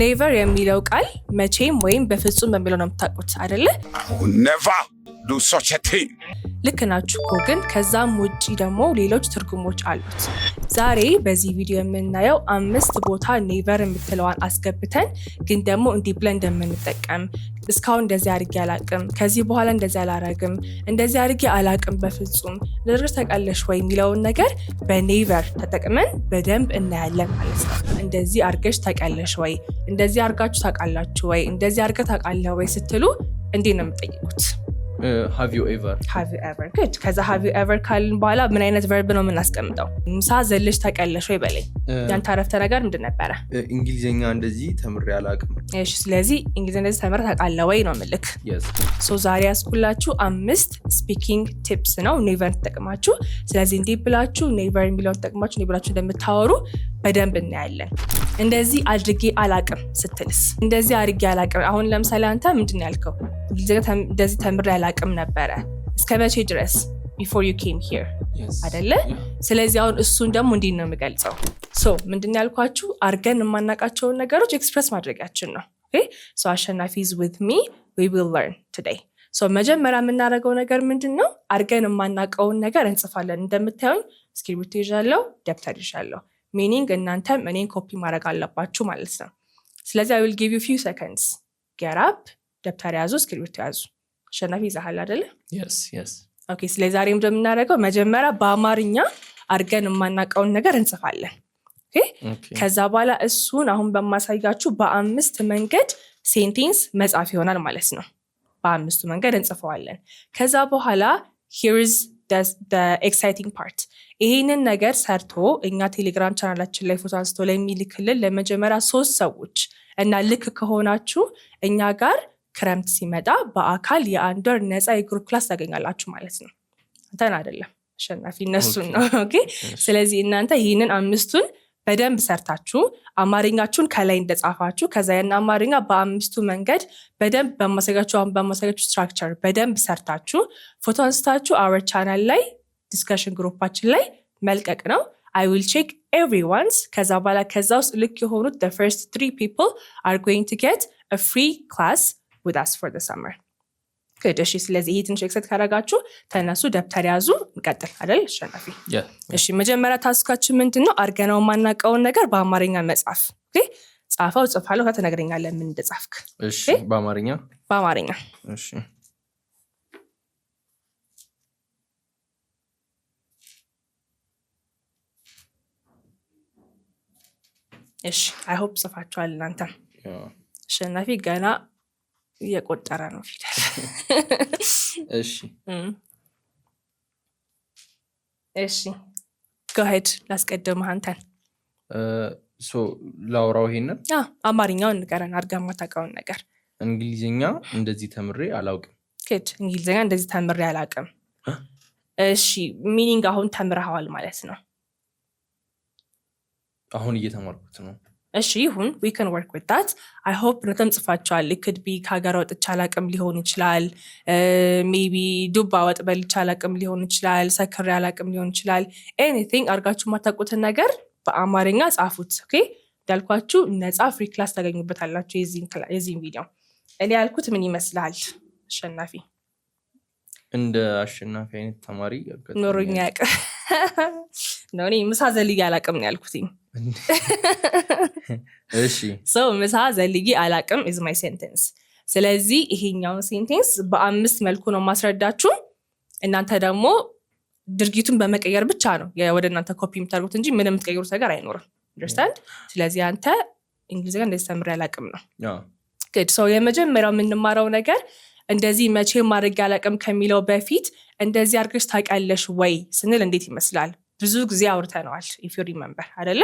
ኔቨር የሚለው ቃል መቼም ወይም በፍጹም በሚለው ነው የምታውቁት አይደለ? ኔቨር ዱ ሶች ቲንግ ልክ ናችሁ እኮ ግን ከዛም ውጪ ደግሞ ሌሎች ትርጉሞች አሉት። ዛሬ በዚህ ቪዲዮ የምናየው አምስት ቦታ ኔቨር የምትለዋን አስገብተን ግን ደግሞ እንዲህ ብለን እንደምንጠቀም እስካሁን እንደዚህ አድርጌ አላቅም፣ ከዚህ በኋላ እንደዚህ አላረግም፣ እንደዚህ አድርጌ አላቅም፣ በፍጹም ንድር ተቀለሽ ወይ የሚለውን ነገር በኔቨር ተጠቅመን በደንብ እናያለን ማለት ነው። እንደዚህ አርገሽ ተቀለሽ ወይ፣ እንደዚህ አርጋችሁ ታውቃላችሁ ወይ፣ እንደዚህ አርገ ታውቃለህ ወይ ስትሉ እንዲህ ነው የምጠይቁት። ኤቨር uh, ግድ ከዛ ሃቪ ኤቨር ካልን በኋላ ምን አይነት ቨርብ ነው የምናስቀምጠው? ምሳ ዘልሽ ተቀለሽ ወይ በለኝ። uh, ያንተ አረፍተ ነገር ምንድን ነበረ? Uh, እንግሊዝኛ እንደዚህ ተምሬ አላውቅም። እሺ፣ ስለዚህ እንግሊዝ እንደዚህ ተምር ታውቃለህ ወይ ነው ምልክ። ሶ ዛሬ ያስኩላችሁ አምስት ስፒኪንግ ቲፕስ ነው ኔቨር ተጠቅማችሁ። ስለዚህ እንዲህ ብላችሁ ኔቨር የሚለውን ተጠቅማችሁ ብላችሁ እንደምታወሩ በደንብ እናያለን። እንደዚህ አድርጌ አላቅም ስትልስ፣ እንደዚህ አድርጌ አላቅም። አሁን ለምሳሌ አንተ ምንድን ያልከው እንደዚህ ተምሬ አላቅም ነበረ እስከ መቼ ድረስ ቢፎር ዩ ኬም ሂር አደለ? ስለዚህ አሁን እሱን ደግሞ እንዲህ ነው የምገልጸው። ሶ ምንድን ያልኳችሁ አርገን የማናውቃቸውን ነገሮች ኤክስፕረስ ማድረጋችን ነው። ሶ አሸናፊ ኢዝ ዊዝ ሚ ዊ ዊል ለርን ቱዴይ። ሶ መጀመሪያ የምናደርገው ነገር ምንድን ነው? አርገን የማናውቀውን ነገር እንጽፋለን። እንደምታዩኝ እስክሪብቶ ይዣለሁ፣ ደብተር ይዣለሁ። ሚኒንግ እናንተም እኔን ኮፒ ማድረግ አለባችሁ ማለት ነው። ስለዚህ አይ ዊል ጊቭ ዩ ፊው ሰከንድስ ጌራፕ ደብተር ያዙ፣ እስክሪብቶ ያዙ። አሸናፊ ይዛሃል አደለ? ኦኬ። ስለዚህ ዛሬ እንደምናደርገው መጀመሪያ በአማርኛ አድርገን የማናቀውን ነገር እንጽፋለን። ከዛ በኋላ እሱን አሁን በማሳያችሁ በአምስት መንገድ ሴንቴንስ መጻፍ ይሆናል ማለት ነው። በአምስቱ መንገድ እንጽፈዋለን። ከዛ በኋላ ሂርዝ ኤክሳይቲንግ ፓርት ይሄንን ነገር ሰርቶ እኛ ቴሌግራም ቻናላችን ላይ ፎቶ አንስቶ ላይ ለመጀመሪያ ሶስት ሰዎች እና ልክ ከሆናችሁ እኛ ጋር ክረምት ሲመጣ በአካል የአንድ ወር ነፃ የግሩፕ ክላስ ታገኛላችሁ ማለት ነው። እንተን አደለም አሸናፊ እነሱን ነው። ስለዚህ እናንተ ይህንን አምስቱን በደንብ ሰርታችሁ አማርኛችሁን ከላይ እንደጻፋችሁ ከዛ ያን አማርኛ በአምስቱ መንገድ በደንብ በማሰጋችሁ አሁን በማሰጋችሁ ስትራክቸር በደንብ ሰርታችሁ ፎቶ አንስታችሁ አወር ቻናል ላይ ዲስካሽን ግሩፓችን ላይ መልቀቅ ነው። አይ ዊል ቼክ ኤቭሪዋንስ ከዛ በኋላ ከዛ ውስጥ ልክ የሆኑት ፈርስት ትሪ ፒፕል አር ጎይንግ ቱ ጌት ፍሪ ክላስ ዊዝ አስ ፎር ሰመር ግድ እሺ። ስለዚህ ይሄ ትንሽ ኤክሰት ካደረጋችሁ ተነሱ፣ ደብተር ያዙ፣ እንቀጥል አይደል? አሸናፊ እሺ። መጀመሪያ ታስካችን ምንድን ነው? አድርገነው የማናውቀውን ነገር በአማርኛ መጻፍ። ጻፈው ጽፋለሁ፣ ከተነግረኛለህ ምን እንደጻፍክ በአማርኛ በአማርኛ እሺ። አይሆፕ ጽፋችኋል እናንተ። አሸናፊ ገና እየቆጠረ ነው ፊደል። እሺ እሺ፣ ገሄድ ላስቀድምህ አንተን ላውራው ይሄንን አማርኛውን ንገረን፣ አድርገህ የማታውቀውን ነገር። እንግሊዝኛ እንደዚህ ተምሬ አላውቅም። ክድ እንግሊዝኛ እንደዚህ ተምሬ አላውቅም። እሺ ሚኒንግ አሁን ተምረሃዋል ማለት ነው። አሁን እየተማርኩት ነው። እሺ ይሁን ዊ ከን ወርክ ዊት ዳት አይ ሆፕ ነተም ጽፋቸዋል ክድ ቢ ከሀገር ወጥቼ አላቅም ሊሆን ይችላል። ሜቢ ዱባ ወጥ በልቼ አላቅም ሊሆን ይችላል። ሰክሬ አላቅም ሊሆን ይችላል። ኤኒቲንግ አርጋችሁ የማታውቁትን ነገር በአማርኛ ጻፉት። ኦኬ እንዳልኳችሁ ነጻ ፍሪ ክላስ ታገኙበታላችሁ። የዚህም ቪዲዮ እኔ ያልኩት ምን ይመስላል? አሸናፊ እንደ አሸናፊ አይነት ተማሪ ኖሮኛ ያቅ ምሳ ዘልያ አላቅም ነው ያልኩትኝ ሰው ምሳ ዘልጌ አላቅም ኢዝ ማይ ሴንቴንስ። ስለዚህ ይሄኛውን ሴንቴንስ በአምስት መልኩ ነው ማስረዳችሁ። እናንተ ደግሞ ድርጊቱን በመቀየር ብቻ ነው ወደ እናንተ ኮፒ የምታደርጉት እንጂ ምን የምትቀይሩት ነገር አይኖርም። ኢንደርስታንድ። ስለዚህ አንተ እንግሊዝ ጋር ተምሬ ያላቅም ነው ግድ ሰው የመጀመሪያው የምንማረው ነገር እንደዚህ መቼ ማድረግ አላቅም ከሚለው በፊት እንደዚህ አድርገሽ ታውቂያለሽ ወይ ስንል እንዴት ይመስላል ብዙ ጊዜ አውርተነዋል። ኢፍ መንበር አደለ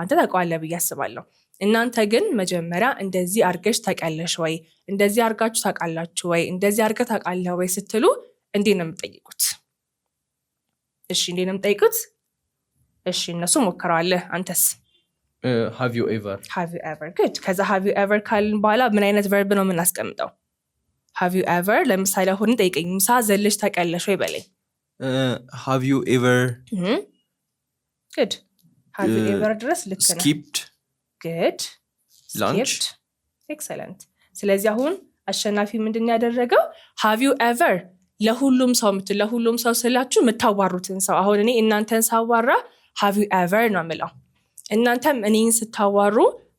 አንተ ታውቀዋለህ ብዬ አስባለሁ። እናንተ ግን መጀመሪያ እንደዚህ አርገሽ ታውቂያለሽ ወይ፣ እንደዚህ አርጋችሁ ታውቃላችሁ ወይ፣ እንደዚህ አርገ ታውቃለህ ወይ ስትሉ እንዴ ነው የምጠይቁት? እሺ፣ እንዴ ነው የምጠይቁት? እሺ፣ እነሱ ሞክረዋለ አንተስ ኤቨር ከዛ ሃቭ ኤቨር ካልን በኋላ ምን አይነት ቨርብ ነው የምናስቀምጠው? ሃቭ ኤቨር ለምሳሌ አሁን ጠይቀኝ፣ ምሳ ዘለሽ ታውቂያለሽ ወይ በለኝ ሃቭ ዩ ኤቨር ግድ ሃቭ ዩ ኤቨር ድረስ ልክ ግድ ስኪፕድ ኤክሰለንት። ስለዚህ አሁን አሸናፊ ምንድን ያደረገው ሃቭ ዩ ኤቨር ለሁሉም ሰው ምት ለሁሉም ሰው ስላችሁ የምታዋሩትን ሰው አሁን እኔ እናንተን ሳዋራ ሃቭ ዩ ኤቨር ነው የምለው። እናንተም እኔን ስታዋሩ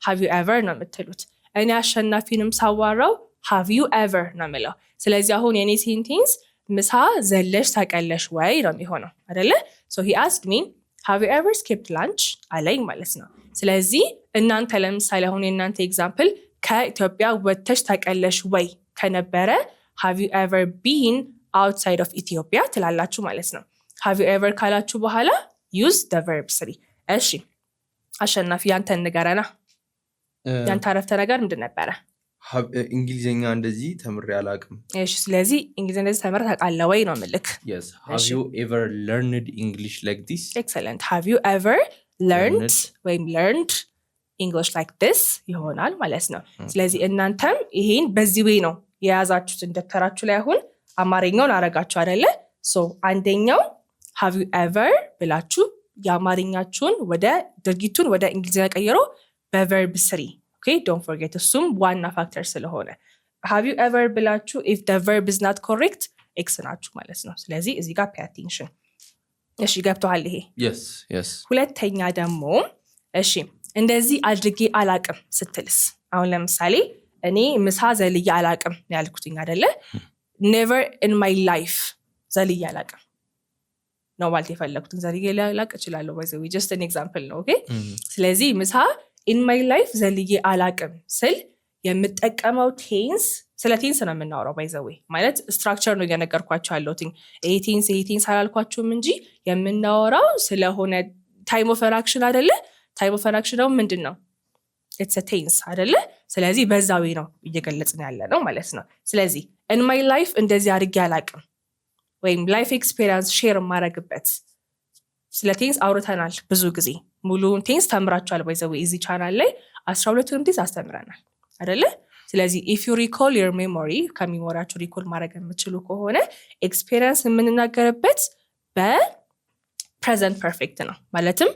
ሃቭ ዩ ኤቨር ነው የምትሉት። እኔ አሸናፊንም ሳዋራው ሃቭ ዩ ኤቨር ነው የምለው። ስለዚህ አሁን የእኔ ሴንቴንስ ምሳ ዘለሽ ታቀለሽ ወይ ነው የሚሆነው አደለ? ሶ ሂ ሚ ሃቭ ዩ ኤቨር ላንች አለኝ ማለት ነው። ስለዚህ እናንተ ለምሳሌ አሁን የእናንተ ኤግዛምፕል ከኢትዮጵያ ወተሽ ታቀለሽ ወይ ከነበረ ሃቭ ዩ ኤቨር ቢን አውትሳይድ ኦፍ ኢትዮጵያ ትላላችሁ ማለት ነው። ሃቭ ዩ ኤቨር ካላችሁ በኋላ ዩዝ ደ ቨርብ ስሪ። እሺ አሸናፊ ያንተ ንገረና፣ ያንተ አረፍተ ነገር ምንድን ነበረ? እንግሊዝኛ እንደዚህ ተምሬ አላቅም ስለዚህ እንግሊዝኛ እንደዚህ ተምር ተቃለ ወይ ነው ምልክ። ሃቭ ዩ ኤቨር ለርንድ እንግሊሽ ላይክ ዲስ? ኤክሰለንት። ሃቭ ዩ ኤቨር ለርንድ ወይም ለርንድ ኢንግሊሽ ላይክ ዲስ ይሆናል ማለት ነው። ስለዚህ እናንተም ይሄን በዚህ ወይ ነው የያዛችሁትን ደብተራችሁ ላይ አሁን አማርኛውን አረጋችሁ አደለ ሶ አንደኛው ሃቭ ዩ ኤቨር ብላችሁ የአማርኛችሁን ወደ ድርጊቱን ወደ እንግሊዝኛ ቀይሮ በቨርብ ስሪ ኦኬ ዶንት ፎርጌት እሱም ዋና ፋክተር ስለሆነ ሃቭ ዩ ኤቨር ብላችሁ ኢፍ ደ ቨርብ ኢዝ ናት ኮሬክት ኤክስ ናችሁ ማለት ነው። ስለዚህ እዚህ ጋር ፔይ እሺ ገብቶሃል ይሄ? ሁለተኛ ደግሞ እሺ እንደዚህ አድርጌ አላቅም ስትልስ፣ አሁን ለምሳሌ እኔ ምሳ ዘልዬ አላቅም ያልኩትኝ አይደለ? ኔቨር ኢን ማይ ላይፍ ዘልዬ አላቅም ነው ማለት የፈለግኩትን ዘልዬ ላቅ እችላለሁ። ጀስት ኤግዛምፕል ነው። ስለዚህ ምሳ ኢን ማይ ላይፍ ዘልዬ አላቅም ስል የምጠቀመው ቴንስ ስለ ቴንስ ነው የምናወራው። ባይዘዌ ማለት ስትራክቸር ነው እየነገርኳቸው ያለሁትኝ። ይሄ ቴንስ ይሄ ቴንስ አላልኳችሁም እንጂ የምናወራው ስለሆነ ታይም ኦፍ ራክሽን አደለ? ታይም ኦፍ ራክሽን ደግሞ ምንድን ነው? ኢትስ ቴንስ አደለ? ስለዚህ በዛዌ ነው እየገለጽን ያለ ነው ማለት ነው። ስለዚህ ኢን ማይ ላይፍ እንደዚህ አድርጌ አላቅም ወይም ላይፍ ኤክስፔሪንስ ሼር የማረግበት ስለ ቴንስ አውርተናል ብዙ ጊዜ ሙሉን ቴንስ ተምራችኋል። ባይዘው እዚህ ቻናል ላይ አስራ ሁለቱንም ቴንስ አስተምረናል አደለ? ስለዚህ ኢፍ ዩ ሪኮል ዮር ሜሞሪ ከሚሞሪያችሁ ሪኮል ማድረግ የምችሉ ከሆነ ኤክስፔሪንስ የምንናገርበት በፕሬዘንት ፐርፌክት ነው ማለትም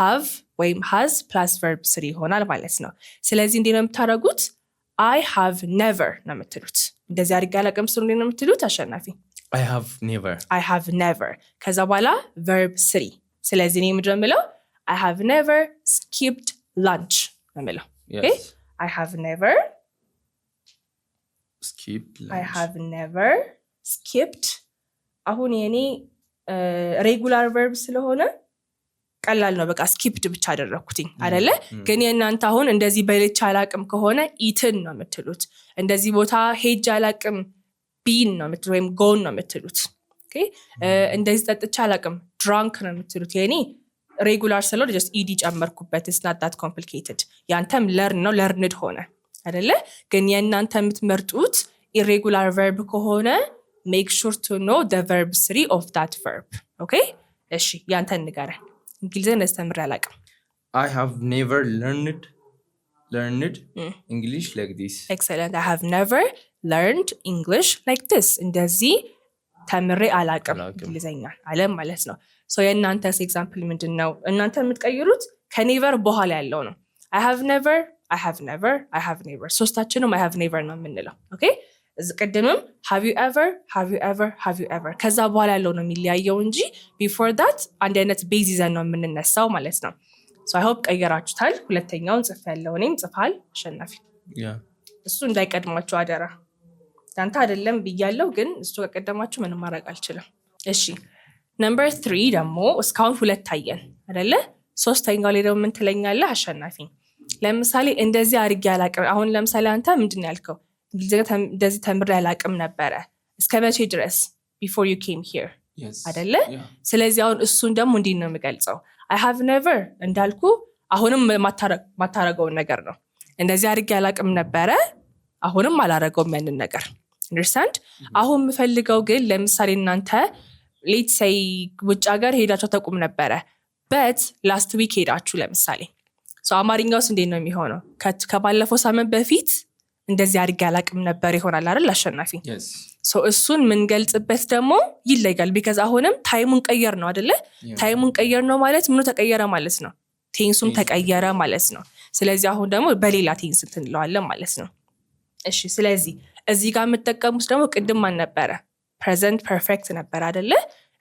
ሃቭ ወይም ሃዝ ፕላስ ቨርብ ስሪ ይሆናል ማለት ነው። ስለዚህ እንዲ ነው የምታደርጉት? አይ ሃቭ ኔቨር ነው የምትሉት። እንደዚህ አድጋ አላውቅም ስሩ ነው የምትሉት? አሸናፊ ሃቭ ኔቨር። ከዛ በኋላ ቨርብ ስሪ ስለዚህ እኔ ምንድን የምለው አይ ሃቭ ኔቨር ስኪፕድ ላንች ነው የምለው አይ ሃቭ ኔቨር አይ ሃቭ ኔቨር ስኪፕድ አሁን የኔ ሬጉላር ቨርብ ስለሆነ ቀላል ነው። በቃ ስኪፕድ ብቻ አደረግኩትኝ mm. አደለ። mm. ግን የእናንተ አሁን እንደዚህ በልች አላቅም ከሆነ ኢትን ነው የምትሉት። እንደዚህ ቦታ ሄጅ አላቅም ቢን ነው ወይም ጎን ነው የምትሉት። እንደዚህ ጠጥቻ አላቅም ድራንክ ነው የምትሉት። የኔ ሬጉላር ስለሆነ ጀስት ኢዲ ጨመርኩበት። ስናዳት ኮምፕሊኬትድ። ያንተም ለርን ነው ለርንድ ሆነ አደለ። ግን የእናንተ የምትመርጡት ኢሬጉላር ቨርብ ከሆነ ሜክ ሹር ቱ ኖ ደ ቨርብ ስሪ ኦፍ ዳት ቨርብ። ኦኬ እሺ፣ ያንተን ንገረን። እንግሊዝን አስተምሬ አላውቅም። አይ ሃቭ ኔቨር ለርንድ ለርንድ እንግሊሽ ላይክ ዲስ። ኤክሰለንት። አይ ሃቭ ኔቨር ለርንድ እንግሊሽ ላይክ ዲስ እንደዚህ ተምሬ አላቅም እንግሊዝኛ አለም ማለት ነው። የእናንተስ ኤግዛምፕል ምንድን ነው? እናንተ የምትቀይሩት ከኔቨር በኋላ ያለው ነው። አይ ሃቭ ኔቨር፣ አይ ሃቭ ኔቨር፣ አይ ሃቭ ኔቨር። ሶስታችንም አይ ሃቭ ኔቨር ነው የምንለው። ኦኬ ቅድምም ሃቭ ዩ ኤቨር፣ ሃቭ ዩ ኤቨር፣ ሃቭ ዩ ኤቨር ከዛ በኋላ ያለው ነው የሚለያየው እንጂ ቢፎር ዳት አንድ አይነት ቤዝ ይዘን ነው የምንነሳው ማለት ነው። አይ ሆፕ ቀየራችሁታል። ሁለተኛውን ጽፌያለሁ፣ እኔም ጽፋል አሸናፊ። እሱ እንዳይቀድማቸው አደራ። ያንተ አይደለም ብያለው፣ ግን እሱ ከቀደማችሁ ምንም ማድረግ አልችልም። እሺ ነምበር ትሪ ደግሞ እስካሁን ሁለት ታየን አይደለ? ሶስተኛው ላይ ደግሞ ምንትለኛለ አሸናፊ? ለምሳሌ እንደዚህ አድርጌ አላቅም። አሁን ለምሳሌ አንተ ምንድን ያልከው እንደዚህ ተምሬ ያላቅም ነበረ እስከ መቼ ድረስ ቢፎር ዩ ኬም ሂር አይደለ? ስለዚህ አሁን እሱን ደግሞ እንዲን ነው የምገልጸው አይ ሃቭ ነቨር እንዳልኩ አሁንም ማታረገውን ነገር ነው። እንደዚህ አድርጌ አላቅም ነበረ አሁንም አላረገውም ያንን ነገር ንርሰንድ mm-hmm. አሁን የምፈልገው ግን ለምሳሌ እናንተ ሌት ሰይ ውጭ ሀገር ሄዳቸው ተቁም ነበረ በት ላስት ዊክ ሄዳችሁ ለምሳሌ ውስጥ እንዴት ነው የሚሆነው? ከባለፈው ሳምንት በፊት እንደዚህ አድርግ ያላቅም ነበር ይሆናል አይደል? አሸናፊ እሱን ምንገልጽበት ደግሞ ይለያል። ቢከዝ አሁንም ታይሙን ቀየር ነው አደለ? ታይሙን ቀየር ነው ማለት ምኑ ተቀየረ ማለት ነው። ቴንሱም ተቀየረ ማለት ነው። ስለዚህ አሁን ደግሞ በሌላ ቴንስ ትንለዋለን ማለት ነው። እሺ፣ ስለዚህ እዚህ ጋር የምጠቀሙት ደግሞ ቅድም ማን ነበረ? ፕሬዘንት ፐርፌክት ነበረ አደለ?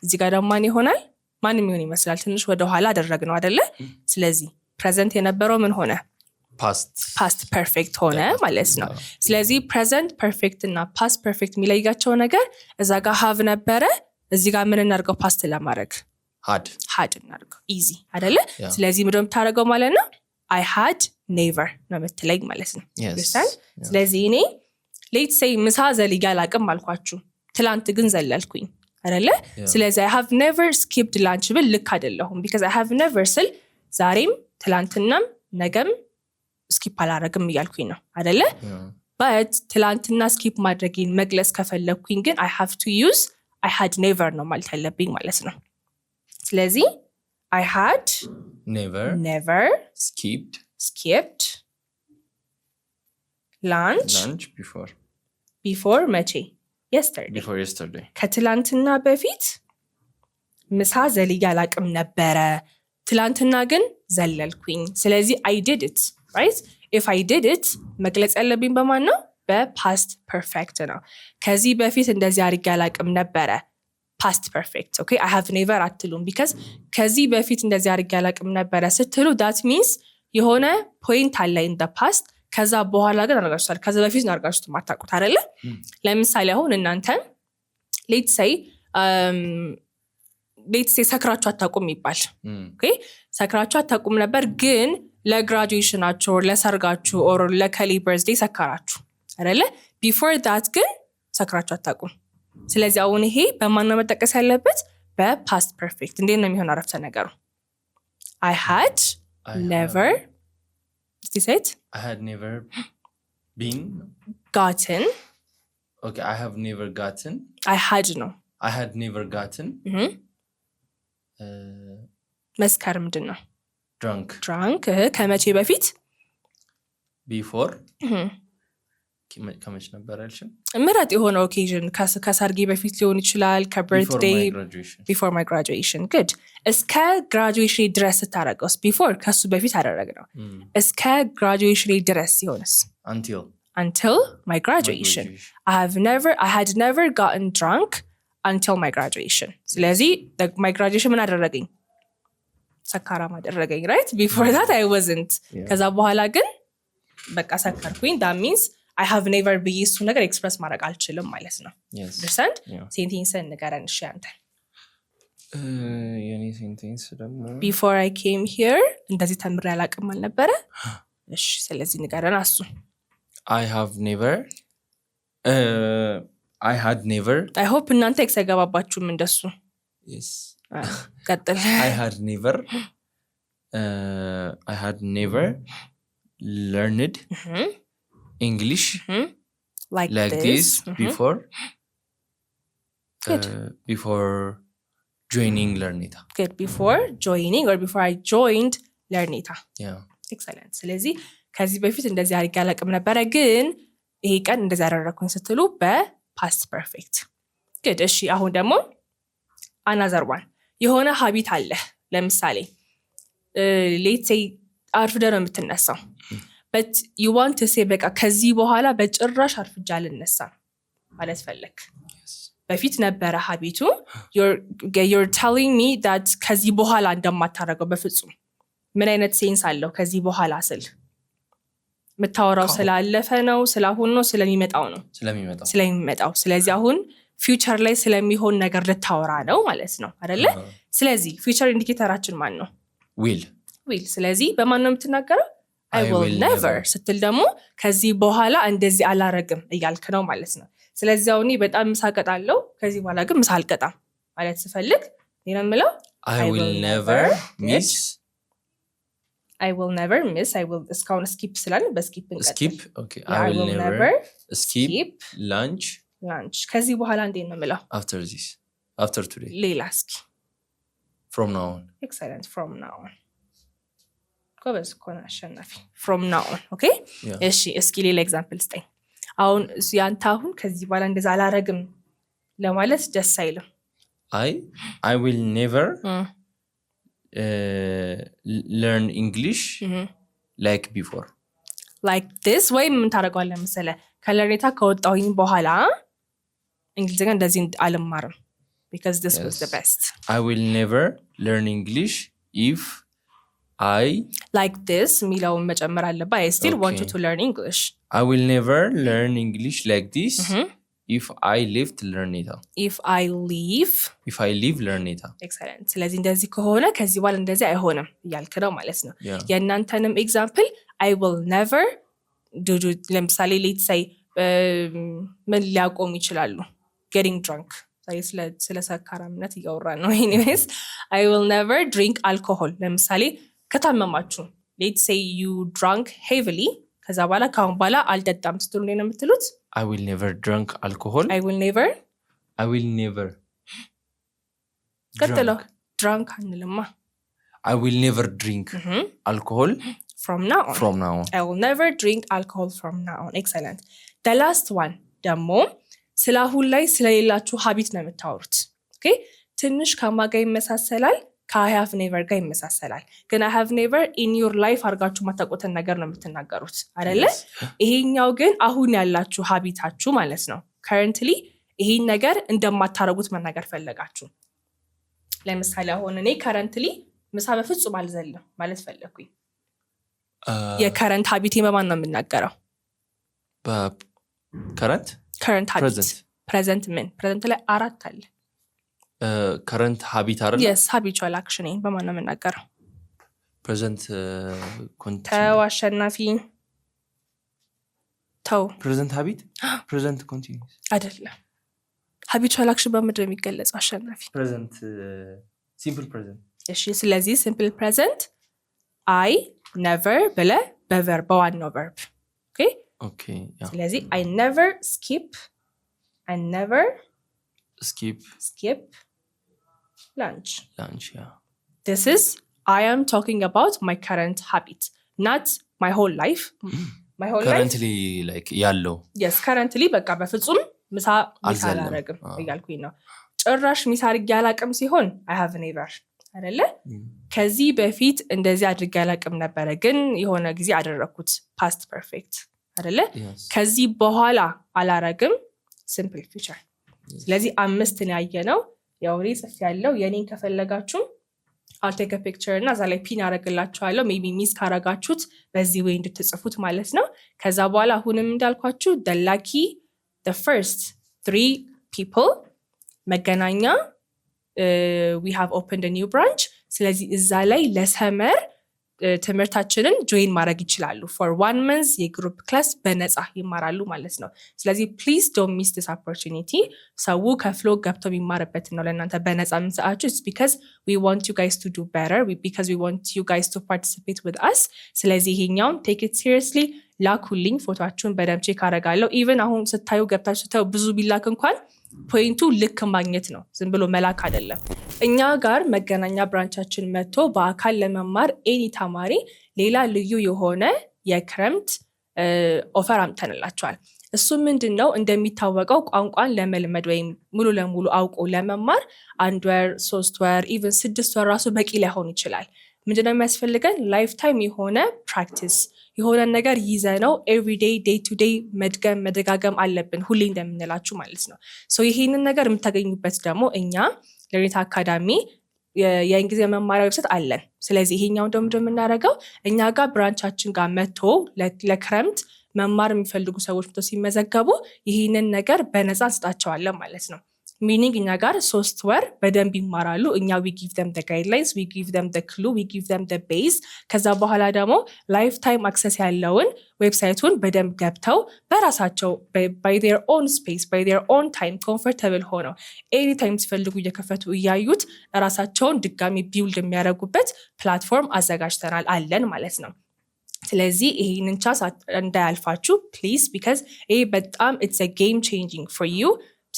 እዚህ ጋር ደግሞ ማን ይሆናል? ማንም ይሆን ይመስላል። ትንሽ ወደኋላ አደረግ ነው አደለ? ስለዚህ ፕሬዘንት የነበረው ምን ሆነ? ፓስት ፐርፌክት ሆነ ማለት ነው። ስለዚህ ፕሬዘንት ፐርፌክት እና ፓስት ፐርፌክት የሚለያቸው ነገር እዛ ጋር ሀቭ ነበረ፣ እዚህ ጋር ምን እናርገው ፓስት ለማድረግ ሀድ ሀድ ኢዚ አደለ? ስለዚህ ምንድን ነው ማለት ነው? አይ ሀድ ኔቨር ነው የምትለይ ማለት ነው። ስለዚህ እኔ ሌት ሴይ ምሳ ዘልያ አላቅም አልኳችሁ። ትላንት ግን ዘለልኩኝ አለ ስለዚህ አይ ሃቭ ኔቨር ስኪፕድ ላንች ብል ልክ አይደለሁም። ቢካ አይ ሃቭ ኔቨር ስል ዛሬም ትላንትናም ነገም ስኪፕ አላረግም እያልኩኝ ነው አደለ በት ትላንትና ስኪፕ ማድረጌን መግለጽ ከፈለግኩኝ ግን አይ ሃቭ ቱ ዩዝ አይ ሃድ ኔቨር ነው ማለት ያለብኝ ማለት ነው። ስለዚህ አይ ሃድ ኔቨር ስኪፕድ ላንች ላንች ቢፎር ቢፎር መቼ የስተርዴ ከትላንትና በፊት ምሳ ዘልዬ አላቅም ነበረ። ትላንትና ግን ዘለልኩኝ። ስለዚህ አይድድት ዲድ ኢት ራይት። ኢፍ አይ መግለጽ ያለብኝ በማን ነው? በፓስት ፐርፌክት ነው። ከዚህ በፊት እንደዚህ አድርጌ አላቅም ነበረ ፓስት ፐርፌክት ኦኬ። አይ ሃቭ ኔቨር አትሉም። ቢካዝ ከዚህ በፊት እንደዚህ አድርጌ አላቅም ነበረ ስትሉ ዳት ሚንስ የሆነ ፖይንት አለ ኢን ፓስት ከዛ በኋላ ግን አድርጋችሁታል። ከዛ በፊት ነው አድርጋችሁት የማታውቁት አይደለ? ለምሳሌ አሁን እናንተ ሌት ሰይ ሌት ሰይ ሰክራችሁ አታውቁም ይባል። ሰክራችሁ አታቁም ነበር፣ ግን ለግራጁዌሽናችሁ፣ ለሰርጋችሁ፣ ኦር ለከሌ በርዝዴይ ሰከራችሁ አይደለ? ቢፎር ዳት ግን ሰክራችሁ አታቁም ስለዚህ አሁን ይሄ በማን ነው መጠቀስ ያለበት? በፓስት ፐርፌክት። እንዴት ነው የሚሆን አረፍተ ነገሩ? አይ ሃድ ኔቨር ስቲ I had never been. Gotten. Okay, I have never gotten. I had ነው I had never gotten ምሁም። uh, መስከር ምንድን ነው? drunk ድራንክ ከመቼ በፊት before ምሁም። ከመች ነበር ያልሽም? ምረጥ የሆነ ኦኬዥን ከሰርጌ በፊት ሊሆን ይችላል፣ ከበርትዴይ ቢፎር ማይ ግራጁዌሽን ግድ እስከ ግራጁዌሽን ድረስ ስታረቀውስ? ቢፎር ከሱ በፊት አደረግነው። hmm. እስከ ግራጁዌሽን ድረስ ሲሆንስ? አንቲል ማይ ግራጁዌሽን አይ ሃድ ነቨር ጋትን ድራንክ አንቲል ማይ ግራጁዌሽን። ስለዚህ ማይ ግራጁዌሽን ምን አደረገኝ? ሰካራም አደረገኝ። ራይት ቢፎር ዛት አይ ወዝንት። ከዛ በኋላ ግን በቃ ሰከርኩኝ ዳት ሚንስ አይ ሃቭ ኔቨር ብይ እሱ ነገር ኤክስፕረስ ማድረግ አልችልም ማለት ነው። ደርሰንድ ሴንቴንስን ንገረን እሺ የኔ ሴንቴንስ ደግሞ ቢፎር አይ ኬም ሂር እንደዚህ ተምር ያላቅም አልነበረ። እሺ ስለዚህ ንገረን አሱ uh, አይ ሃቭ ኔቨር አይ ሃድ ኔቨር አይ ሆፕ እናንተ ክስ አይገባባችሁም እንደሱ። ቀጥል። አይ ሃድ ኔቨር አይ ሃድ ኔቨር ለርንድ English mm-hmm. like, like this, this mm-hmm. before Good. Uh, before joining Learnita. Good. Before mm-hmm. joining or before I joined Learnita. Yeah. Excellent. ኤክሰለንት ስለዚህ ከዚህ በፊት እንደዚህ አድርጌ አላቅም ነበረ ግን ይሄ ቀን እንደዚህ ያደረግኩኝ ስትሉ በፓስት ፐርፌክት ግድ እሺ አሁን ደግሞ አናዘር ዋን የሆነ ሀቢት አለ ለምሳሌ ሌት ሴይ አርፍደ ነው የምትነሳው ዩዋንት ሴ በቃ ከዚህ በኋላ በጭራሽ አርፍጃ አልነሳም ማለት ፈለግ በፊት ነበረ ሀቢቱ ዩር ቴሊንግ ሚ ከዚህ በኋላ እንደማታረገው በፍጹም ምን አይነት ሴንስ አለው ከዚህ በኋላ ስል የምታወራው ስላለፈ ነው ስላሁን ነው ስለሚመጣው ነው ስለሚመጣው ስለዚህ አሁን ፊውቸር ላይ ስለሚሆን ነገር ልታወራ ነው ማለት ነው አደለ ስለዚህ ፊውቸር ኢንዲኬተራችን ማን ነው ዊል ዊል ስለዚህ በማን ነው የምትናገረው አይ ዊል ኔቨር ስትል ደግሞ ከዚህ በኋላ እንደዚህ አላረግም እያልክ ነው ማለት ነው። ስለዚያው እኔ በጣም ምሳቀጣለው ከዚህ በኋላ ግን ምሳ አልቀጣም ማለት ስፈልግ ነው የምለው እስካሁን ስኪፕ ስላለ በስኪፕ ላንች ላንች ከዚህ በኋላ እንዴት ነው የምለው ሌላ እስኪ ጎበዝ እኮ ነው አሸናፊ ፍሮም ናው ኦኬ እሺ እስኪ ሌላ ኤግዛምፕል ስጠኝ አሁን ያንተ አሁን ከዚህ በኋላ እንደዛ አላረግም ለማለት ደስ አይልም አይ አይ ዊል ኔቨር ለርን እንግሊሽ ላይክ ቢፎር ላይክ ዲስ ወይም ምን ታደርገዋለህ መሰለህ ከለሬታ ከወጣሁኝ በኋላ እንግሊዝኛ እንደዚህ አልማርም ቢካዝ ዲስ ዋዝ ዘ ቤስት አይ ዊል ኔቨር ለርን እንግሊሽ ኢፍ አይ ላይክ ዲስ የሚለውን መጨመር አለባ አይ ስቲል ዋንት ቱ ለርን ኢንግሊሽ አይ ዊል ኔቨር ለርን ኢንግሊሽ ላይክ ዲስ ኢፍ አይ ሊቭድ ለርን ኢት ኢፍ አይ ሊቭ ኢፍ አይ ሊቭ ለርን ኢት ኤክሰለንት። ስለዚህ እንደዚህ ከሆነ ከዚህ በኋላ እንደዚህ አይሆንም እያልክ ነው ማለት ነው። የእናንተንም ኤግዛምፕል አይ ዊል ኔቨር ዱዱ ለምሳሌ ሌት ሳይ ምን ሊያቆሙ ይችላሉ? ጌቲንግ ድራንክ ስለ ሰካራምነት እያወራን ነው። ኤኒዌይስ አይ ዊል ኔቨር ድሪንክ አልኮሆል ለምሳሌ ከታመማችሁ ሌት ሴይ ዩ ድራንክ ሄቪሊ ከዛ በኋላ ከአሁን በኋላ አልጠጣም ስትሉ ነው የምትሉት አይ ዊል ኔቨር ድራንክ አልኮሆል አይ ዊል ኔቨር አይ ዊል ኔቨር ቀጥለው ድራንክ አንልማ አይ ዊል ኔቨር ድሪንክ አልኮሆል ፍሮም ናው አይ ዊል ኔቨር ድሪንክ አልኮሆል ፍሮም ናው ኤክሰለንት ደ ላስት ዋን ደግሞ ስለ አሁን ላይ ስለሌላችሁ ሀቢት ነው የምታወሩት ትንሽ ከማጋ ይመሳሰላል ከአይሃቭ ኔቨር ጋር ይመሳሰላል። ግን አይሃፍ ኔቨር ኢንዩር ላይፍ አድርጋችሁ ማታቆተን ነገር ነው የምትናገሩት አደለ ይሄኛው ግን አሁን ያላችሁ ሀቢታችሁ ማለት ነው። ከረንትሊ ይሄን ነገር እንደማታረጉት መናገር ፈለጋችሁ። ለምሳሌ አሁን እኔ ከረንትሊ ምሳ በፍጹም አልዘልም ማለት ፈለግኩኝ። የከረንት ሀቢቴን በማን ነው የምናገረው? ከረንት ከረንት ሀቢት ፕሬዘንት ምን ፕሬዘንት ላይ አራት አለ ከረንት ሀቢት አይደል? የስ ሀቢቹዋል አክሽን በማን ነው የምናገረው? ፕሬዘንት ተው አሸናፊ ተው። ፕሬዘንት ሀቢት ፕሬዘንት ኮንቲኒ አይደለም። ሀቢቹዋል አክሽን በምድር የሚገለጸው አሸናፊ ፕሬዘንት ሲምፕል ፕሬዘንት። እሺ፣ ስለዚህ ሲምፕል ፕሬዘንት አይ ነቨር ብለህ በቨር በዋናው ቨርብ ኦኬ። ስለዚህ አይ ነቨር ስኪፕ አይ ነቨር ስኪፕ ስኪፕ lunch. Lunch, yeah. This is, I am talking about my current habit, not my whole life. my whole currently, life. like ያለው yes currently በቃ በፍጹም ምሳ አላረግም እያልኩኝ ነው። ጭራሽ ሚስ አድርጌ አላቅም ሲሆን አይ ሃቭ ኔቨር አይደለ ከዚህ በፊት እንደዚህ አድርጌ አላቅም ነበረ፣ ግን የሆነ ጊዜ አደረግኩት። ፓስት ፐርፌክት አይደለ ከዚህ በኋላ አላረግም፣ ሲምፕል ፊቸር ስለዚህ አምስትን ያየ ነው። ያው እኔ ያለው የእኔን ከፈለጋችሁ አልቴከ ፒክቸር እና እዛ ላይ ፒን ያደረግላችኋለሁ። ሜቢ ሚስ ካረጋችሁት በዚህ ወይ እንድትጽፉት ማለት ነው። ከዛ በኋላ አሁንም እንዳልኳችሁ ደላኪ ላኪ ፈርስት ትሪ ፒፕል መገናኛ ዊ ሃቭ ኦፕንድ ኒው ብራንች። ስለዚህ እዛ ላይ ለሰመር ትምህርታችንን ጆይን ማድረግ ይችላሉ። ፎር ዋን መንዝ የግሩፕ ክላስ በነፃ ይማራሉ ማለት ነው። ስለዚህ ፕሊዝ ዶን ሚስ ስ ኦፖርቹኒቲ ሰው ከፍሎ ገብቶ የሚማርበት ነው ለእናንተ በነፃ የምንሰጣችሁ። ስ ቢካዝ ዊ ዋንት ዩ ጋይስ ቱ ዱ ቢካዝ ዊ ዋንት ዩ ጋይስ ቱ ፓርቲሲፔት አስ። ስለዚህ ይሄኛውን ቴክ ኢት ሲሪየስሊ ላኩልኝ። ፎቶችሁን በደምቼ ካረጋለው ኢቨን አሁን ስታዩ ገብታችሁ ተው ብዙ ቢላክ እንኳን ፖይንቱ ልክ ማግኘት ነው፣ ዝም ብሎ መላክ አይደለም። እኛ ጋር መገናኛ ብራንቻችን መጥቶ በአካል ለመማር ኤኒ ተማሪ ሌላ ልዩ የሆነ የክረምት ኦፈር አምተንላቸዋል። እሱ ምንድን ነው? እንደሚታወቀው ቋንቋን ለመልመድ ወይም ሙሉ ለሙሉ አውቆ ለመማር አንድ ወር፣ ሶስት ወር፣ ኢቨን ስድስት ወር ራሱ በቂ ላይሆን ይችላል። ምንድነው የሚያስፈልገን? ላይፍ ታይም የሆነ ፕራክቲስ የሆነ ነገር ይዘ ነው ኤቭሪዴይ ዴይ ቱ ዴይ መድገም መደጋገም አለብን፣ ሁሌ እንደምንላችሁ ማለት ነው። ይህንን ነገር የምታገኙበት ደግሞ እኛ ለሬታ አካዳሚ የእንግሊዝኛ መማሪያ ዌብሳይት አለን። ስለዚህ ይሄኛው ደግሞ የምናደርገው እኛ ጋር ብራንቻችን ጋር መጥቶ ለክረምት መማር የሚፈልጉ ሰዎች ሲመዘገቡ ይህንን ነገር በነፃ እንስጣቸዋለን ማለት ነው። ሚኒንግ እኛ ጋር ሶስት ወር በደንብ ይማራሉ። እኛ ዊ ጊቭ ደም ጋይድላይንስ ዊ ጊቭ ደም ክሉ ዊ ጊቭ ደም ቤዝ። ከዛ በኋላ ደግሞ ላይፍ ታይም አክሰስ ያለውን ዌብሳይቱን በደንብ ገብተው በራሳቸው ባይ ዴር ኦን ስፔስ ባይ ኦን ታይም ኮምፈርተብል ሆነው ኤኒ ታይም ሲፈልጉ እየከፈቱ እያዩት ራሳቸውን ድጋሚ ቢውልድ የሚያደርጉበት ፕላትፎርም አዘጋጅተናል አለን ማለት ነው። ስለዚህ ይህንን ቻስ እንዳያልፋችሁ ፕሊዝ ቢካዝ ይሄ በጣም ኢትስ ጌም ቼንጂንግ ፎር ዩ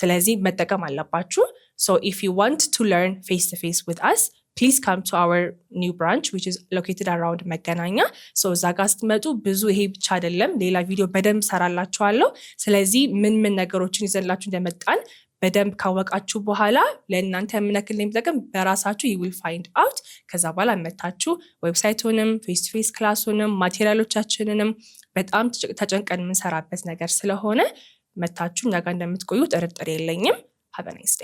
ስለዚህ መጠቀም አለባችሁ። ሶ ኢፍ ዩ ዋንት ቱ ለርን ፌስ ቱ ፌስ ዊዝ አስ ፕሊዝ ካም ቱ አወር ኒው ብራንች ዊች ኢዝ ሎኬትድ አራውንድ መገናኛ። ሶ እዛ ጋር ስትመጡ ብዙ ይሄ ብቻ አይደለም፣ ሌላ ቪዲዮ በደንብ ሰራላችኋለሁ። ስለዚህ ምን ምን ነገሮችን ይዘንላችሁ እንደመጣን በደንብ ካወቃችሁ በኋላ ለእናንተ የምነክል የሚጠቅም በራሳችሁ ዩዊል ፋይንድ አውት። ከዛ በኋላ መታችሁ ዌብሳይቱንም ፌስ ፌስ ክላሱንም ማቴሪያሎቻችንንም በጣም ተጨንቀን የምንሰራበት ነገር ስለሆነ መታችሁ እኛ ጋር እንደምትቆዩ ጥርጥር የለኝም። ሀበናይስቴ